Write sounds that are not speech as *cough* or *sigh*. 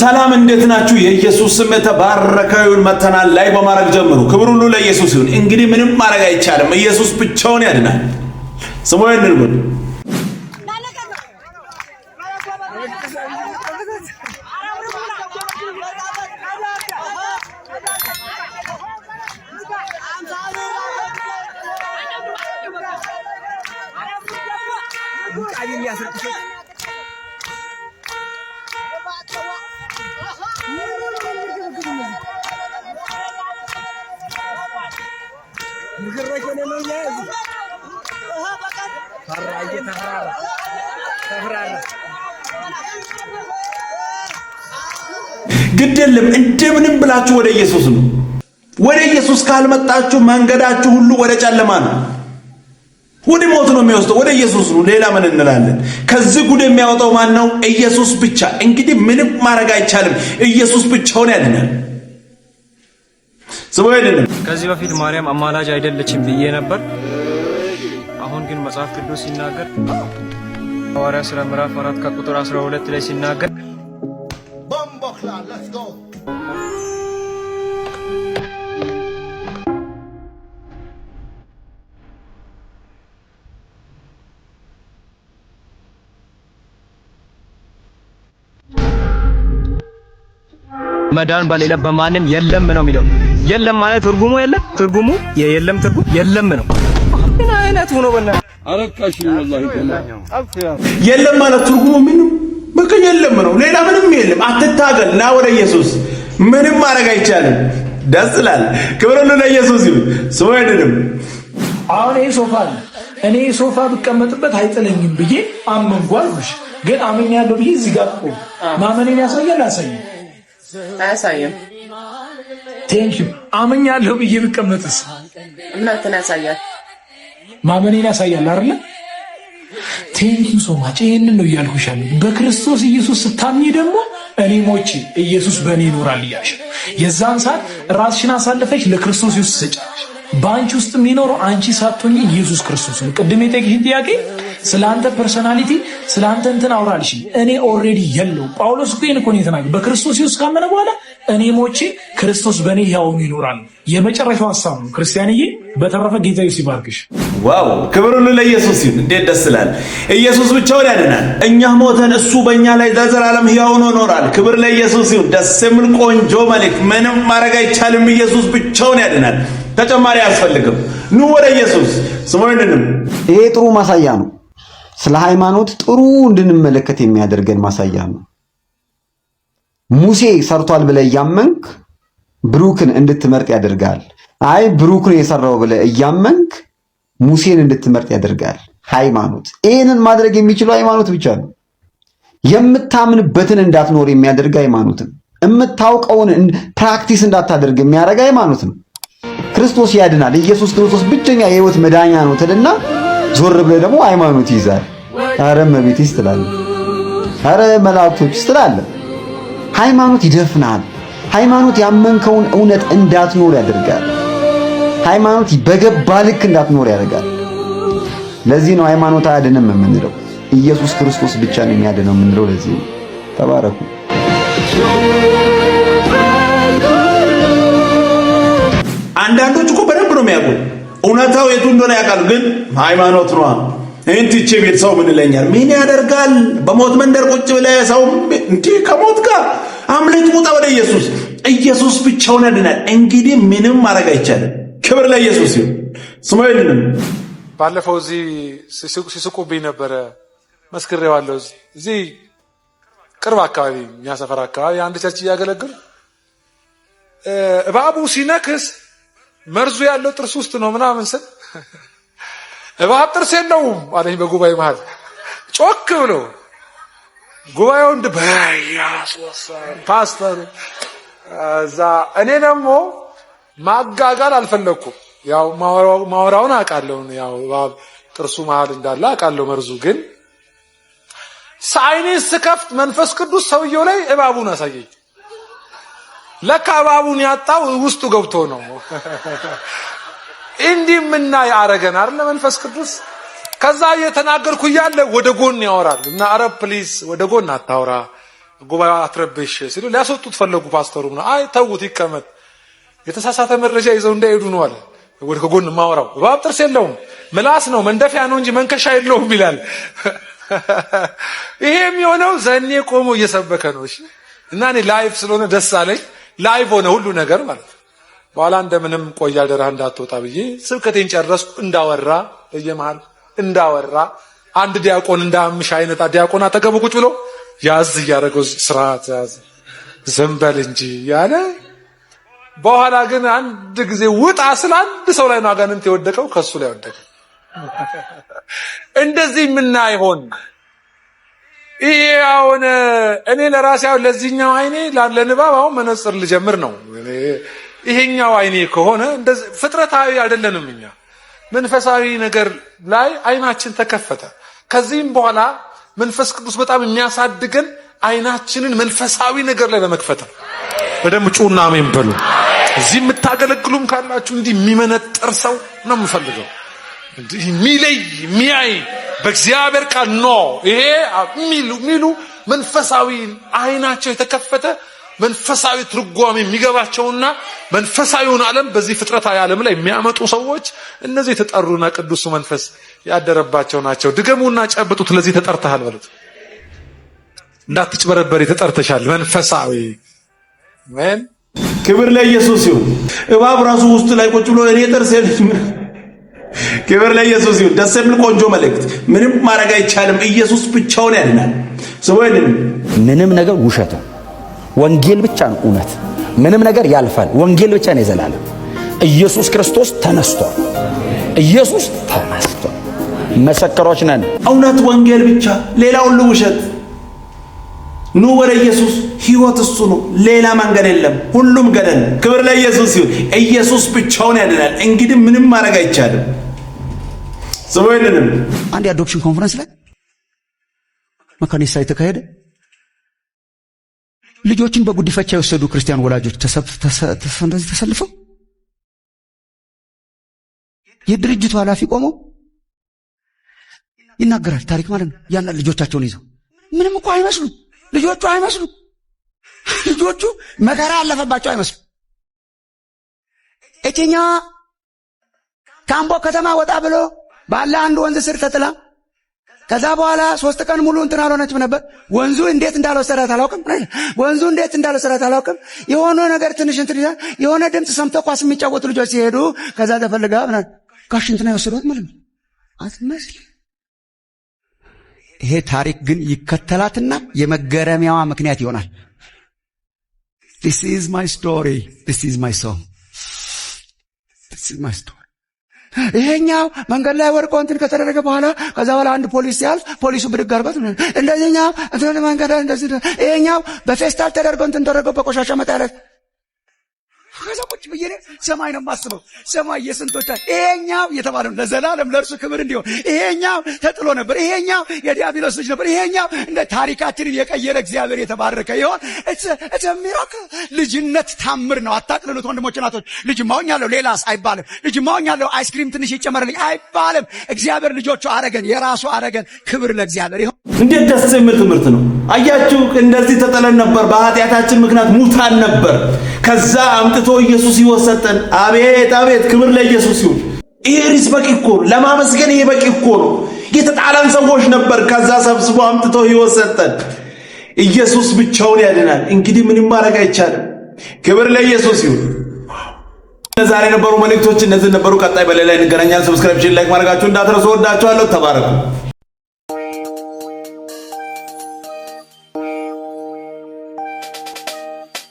ሰላም እንዴት ናችሁ? የኢየሱስ ስም የተባረከ ይሁን። መተናል ላይ በማድረግ ጀምሩ። ክብር ሁሉ ለኢየሱስ ይሁን። እንግዲህ ምንም ማድረግ አይቻልም። ኢየሱስ ብቻውን ያድናል። ስሙ ይንልጉል ግድ የለም እንደምንም ብላችሁ ወደ ኢየሱስ ነው። ወደ ኢየሱስ ካልመጣችሁ መንገዳችሁ ሁሉ ወደ ጨለማ ነው፣ ወደ ሞት ነው የሚወስደው። ወደ ኢየሱስ ነው። ሌላ ምን እንላለን? ከዚህ ጉድ የሚያወጣው ማን ነው? ኢየሱስ ብቻ። እንግዲህ ምንም ማድረግ አይቻልም። ኢየሱስ ብቻውን ያድናል። ስሙ አይደለም። ከዚህ በፊት ማርያም አማላጅ አይደለችም ብዬ ነበር። አሁን ግን መጽሐፍ ቅዱስ ሲናገር ሐዋርያ ሥራ ምዕራፍ 4 ከቁጥር 12 ላይ ሲናገር መዳን በሌለ በማንም የለም ነው የሚለው የለም ማለት ትርጉሙ የለም ትርጉሙ የለም ትርጉም የለም ነው። ምን አይነት ሆኖ በላ አረካሽ ወላሂ የለም ማለት ትርጉሙ ምን ነው? በቃ የለም ነው። ሌላ ምንም የለም። አትታገል፣ ና ወደ ኢየሱስ። ምንም ማድረግ አይቻልም። ደስ ይላል። ክብር ሁሉ ለኢየሱስ ይሁን። ስሙ አይደለም። አሁን ይሄ ሶፋ እኔ ሶፋ ብቀመጥበት አይጥለኝም ብዬ አመንጓል ነሽ ግን አመኛለሁ ብዬ እዚህ ጋር ማመኔን ያሳያል አያሳይም? አያሳይም ቴንሽን አመኛለሁ ብዬ ብቀመጥስ እምነትን ያሳያል፣ ማመኔን ያሳያል አይደለ? ቴንኪው ሶ ማጭ ይህንን ነው እያልኩሻለሁ። በክርስቶስ ኢየሱስ ስታምኚ ደግሞ እኔ ሞቼ ኢየሱስ በእኔ ይኖራል እያልሽ የዛን ሰዓት ራስሽን አሳልፈሽ ለክርስቶስ ኢየሱስ ሰጫሽ። በአንቺ ውስጥ የሚኖረው አንቺ ሳትሆኚ ኢየሱስ ክርስቶስ ነው። ቅድም የጠየቅሽኝ ጥያቄ ስለ አንተ ፐርሶናሊቲ ስለ አንተ እንትን አውራልሽ እኔ ኦልሬዲ የለው ጳውሎስ እኮ ይህን እኮ በክርስቶስ ኢየሱስ ካመነ በኋላ እኔ ሞቼ ክርስቶስ በእኔ ሕያውኑ ይኖራል። የመጨረሻው ሀሳብ ነው። ክርስቲያንዬ፣ በተረፈ ጌታ ሲባርክሽ። ዋው! ክብር ሁሉ ለኢየሱስ ይሁን። እንዴት ደስ ይላል! ኢየሱስ ብቻውን ያድናል። እኛ ሞተን እሱ በእኛ ላይ ለዘላለም ሕያው ሆኖ ይኖራል። ክብር ለኢየሱስ ይሁን። ደስ የሚል ቆንጆ መልእክት። ምንም ማድረግ አይቻልም። ኢየሱስ ብቻውን ያድናል። ተጨማሪ አያስፈልግም። ኑ ወደ ኢየሱስ ስሞይንንም። ይሄ ጥሩ ማሳያ ነው። ስለ ሃይማኖት ጥሩ እንድንመለከት የሚያደርገን ማሳያ ነው። ሙሴ ሰርቷል ብለ እያመንክ ብሩክን እንድትመርጥ ያደርጋል። አይ ብሩክን የሰራው ብለ እያመንክ ሙሴን እንድትመርጥ ያደርጋል ሃይማኖት። ይህንን ማድረግ የሚችለው ሃይማኖት ብቻ ነው። የምታምንበትን እንዳትኖር የሚያደርግ ሃይማኖት ነው። የምታውቀውን ፕራክቲስ እንዳታደርግ የሚያደርግ ሃይማኖት ነው። ክርስቶስ ያድናል፣ ኢየሱስ ክርስቶስ ብቸኛ የህይወት መዳኛ ነው ትልና ዞር ብለህ ደግሞ ሃይማኖት ይይዛል። አረ እመቤቴስ ትላለህ፣ አረ መላእክቶች ትላለህ። ሃይማኖት ይደፍናል። ሃይማኖት ያመንከውን እውነት እንዳትኖር ያደርጋል። ሃይማኖት በገባ ልክ እንዳትኖር ያደርጋል። ለዚህ ነው ሃይማኖት አያድንም የምንለው። ኢየሱስ ክርስቶስ ብቻ ነው የሚያድነው የምንለው ለዚህ ነው። ተባረኩ። አንዳንዶች እኮ በደንብ ነው የሚያውቁ፣ እውነታው የቱ እንደሆነ ያውቃሉ። ግን ሃይማኖት ነው ይህን ትቼ ቤት ሰው ምን ይለኛል? ምን ያደርጋል? በሞት መንደር ቁጭ ብለህ ሰው እንዲህ ከሞት ጋር አምልጥ፣ ውጣ ወደ ኢየሱስ። ኢየሱስ ብቻውን ያድናል። እንግዲህ ምንም ማድረግ አይቻልም። ክብር ለኢየሱስ ይሁን። እስማኤልንም ባለፈው እዚህ ሲስቁብኝ ነበረ መስክሬዋለሁ። እዚህ ቅርብ አካባቢ እኛ አካባቢ አንድ ቸርች እያገለግል እባቡ ሲነክስ መርዙ ያለው ጥርስ ውስጥ ነው ምናምን ስል እባብ ጥርስ የለውም አለኝ በጉባኤ መሀል ጮክ ብሎ ጉባኤው እንደ ፓስተሩ እዛ እኔ ደግሞ ማጋጋል አልፈለግኩም። ያው ማወራውን አውቃለሁ። ያው እባብ ጥርሱ መሀል እንዳለ አውቃለሁ። መርዙ ግን ሳይኔን ስከፍት መንፈስ ቅዱስ ሰውየው ላይ እባቡን አሳየኝ። ለካ እባቡን ያጣው ውስጡ ገብቶ ነው። *laughs* እንዲህ የምናይ አረገን አይደል መንፈስ ቅዱስ ከዛ እየተናገርኩ እያለ ወደ ጎን ያወራል እና አረብ ፕሊዝ ወደ ጎን አታውራ ጉባኤ አትረብሽ ሲሉ ሊያስወጡት ፈለጉ። ፓስተሩ ነው አይ ተዉት ይቀመጥ የተሳሳተ መረጃ ይዘው እንዳይሄዱ ነው አለ። ወደ ከጎን ማወራው እባብ ጥርስ የለውም ምላስ ነው መንደፊያ ነው እንጂ መንከሻ የለውም ይላል። *laughs* ይሄ የሚሆነው ዘኔ ቆሞ እየሰበከ ነው። እሺ እና እኔ ላይቭ ስለሆነ ደስ አለኝ። ላይቭ ሆነ ሁሉ ነገር ማለት ነው። በኋላ እንደምንም ቆያ ደራህ እንዳትወጣ ብዬ ስብከቴን ጨረስኩ። እንዳወራ በየመሃል እንዳወራ አንድ ዲያቆን እንዳምሽ አይነት ዲያቆን አጠገቡ ቁጭ ብሎ ያዝ እያደረገው ስርዓት ያዝ ዘንበል እንጂ ያለ በኋላ ግን አንድ ጊዜ ውጣ ስለ አንድ ሰው ላይ ነው አጋንንት የወደቀው ከሱ ላይ ወደቀ። እንደዚህ ምና ይሄ አሁን እኔ ለራሴ አሁን ለዚህኛው አይኔ ለንባብ አሁን መነጽር ልጀምር ነው። ይሄኛው አይኔ ከሆነ ፍጥረታዊ አይደለንም እኛ መንፈሳዊ ነገር ላይ አይናችን ተከፈተ። ከዚህም በኋላ መንፈስ ቅዱስ በጣም የሚያሳድገን አይናችንን መንፈሳዊ ነገር ላይ ለመክፈት ነው። በደንብ ጩና አሜን በሉ። እዚህ የምታገለግሉም ካላችሁ እንዲህ የሚመነጠር ሰው ነው የምፈልገው፣ የሚለይ የሚያይ በእግዚአብሔር ቃል ኖ ይሄ ሚሉ መንፈሳዊ አይናቸው የተከፈተ መንፈሳዊ ትርጓሜ የሚገባቸውና መንፈሳዊውን ዓለም በዚህ ፍጥረታዊ ዓለም ላይ የሚያመጡ ሰዎች እነዚህ የተጠሩና ቅዱሱ መንፈስ ያደረባቸው ናቸው። ድገሙና ጨብጡት። ለዚህ ተጠርተሃል በሉት። እንዳትጭበረበር ተጠርተሻል። መንፈሳዊ ምን ክብር ለኢየሱስ ይሁን። እባብ ራሱ ውስጥ ላይ ቁጭ ብሎ እኔ ጥርስ ክብር ለኢየሱስ ይሁን። ደስ የሚል ቆንጆ መልእክት። ምንም ማድረግ አይቻልም። ኢየሱስ ብቻውን ያድናል። ምንም ነገር ውሸት ነው። ወንጌል ብቻ ነው እውነት። ምንም ነገር ያልፋል። ወንጌል ብቻ ነው የዘላለም። ኢየሱስ ክርስቶስ ተነስቷል። ኢየሱስ ተነስቷል። መሰከሮች ነን። እውነት ወንጌል ብቻ፣ ሌላ ሁሉ ውሸት። ኑ ወደ ኢየሱስ። ህይወት እሱ ነው። ሌላ መንገድ የለም። ሁሉም ገደል። ክብር ለኢየሱስ ይሁን። ኢየሱስ ብቻውን ያድናል። እንግዲህ ምንም ማድረግ አይቻልም። ስቦይልንም አንድ የአዶፕሽን ኮንፈረንስ ላይ መካኒሳ የተካሄደ ልጆችን በጉዲፈቻ የወሰዱ ክርስቲያን ወላጆች እንደዚህ ተሰልፈው የድርጅቱ ኃላፊ ቆመው ይናገራል። ታሪክ ማለት ነው። ያና ልጆቻቸውን ይዘው ምንም እኮ አይመስሉ? ልጆቹ አይመስሉም። ልጆቹ መከራ ያለፈባቸው አይመስሉ። እችኛ ካምቦ ከተማ ወጣ ብሎ ባለ አንድ ወንዝ ስር ተጥላ ከዛ በኋላ ሶስት ቀን ሙሉ እንትን አልሆነችም ነበር። ወንዙ እንዴት እንዳልወሰዳት አላውቅም። ወንዙ እንዴት እንዳልወሰዳት አላውቅም። የሆነ ነገር ትንሽ እንትን የሆነ ድምፅ ሰምተው ኳስ የሚጫወቱ ልጆች ሲሄዱ ከዛ ተፈልጋ ጋሽ እንትና የወሰዷት ማለት ነው። አትመስልም። ይሄ ታሪክ ግን ይከተላትና የመገረሚያዋ ምክንያት ይሆናል። ስ ኢዝ ማይ ስቶሪ ዲስ ማይ ሶንግ ዲስ ማይ ስቶሪ ይሄኛው መንገድ ላይ ወርቆ እንትን ከተደረገ በኋላ ከዛ በኋላ አንድ ፖሊስ ሲያልፍ ፖሊሱ ብድግ አርበት እንደዚህኛው እንትን መንገድ ላይ እንደዚህ ይሄኛው በፌስታል ተደርጎ እንትን ተደርጎ በቆሻሻ መጣለት ከዛ ቁጭ ብዬ ሰማይ ነው የማስበው። ሰማይ የስንቶች ይሄኛው የተባለው ለዘላለም ለእርሱ ክብር እንዲሆን ይሄኛው ተጥሎ ነበር፣ ይሄኛው የዲያብሎስ ልጅ ነበር፣ ይሄኛው እንደ ታሪካችንን የቀየረ እግዚአብሔር የተባረከ ይሆን እሚራክ ልጅነት ታምር ነው። አታቅልሉት ወንድሞች ናቶች። ልጅ ማሆኛለሁ ሌላስ አይባልም። ልጅ ማሆኛለሁ አይስክሪም ትንሽ ይጨመርልኝ አይባልም። እግዚአብሔር ልጆቹ አረገን፣ የራሱ አረገን። ክብር ለእግዚአብሔር ይሆን። እንዴት ደስ የሚል ትምህርት ነው! አያችሁ፣ እንደዚህ ተጠለን ነበር፣ በኃጢአታችን ምክንያት ሙታን ነበር። ከዛ አምጥቶ ኢየሱስ ኢየሱስ ሕይወት ሰጠን። አቤት አቤት፣ ክብር ለኢየሱስ ይሁን። ይሄ ሪስ በቂ እኮ ነው ለማመስገን፣ ይሄ በቂ እኮ ነው። የተጣላን ሰዎች ነበር፣ ከዛ ሰብስቦ አምጥቶ ሕይወት ሰጠን። ኢየሱስ ብቻውን ያድናል። እንግዲህ ምንም ማድረግ አይቻልም። ክብር ለኢየሱስ ይሁን። ዛሬ የነበሩ መልእክቶች እነዚህ ነበሩ። ቀጣይ በሌላ እንገናኛለን። ሰብስክራይብ፣ ላይክ ማድረጋችሁ እንዳትረሱ። ወዳችኋለሁ። ተባረኩ።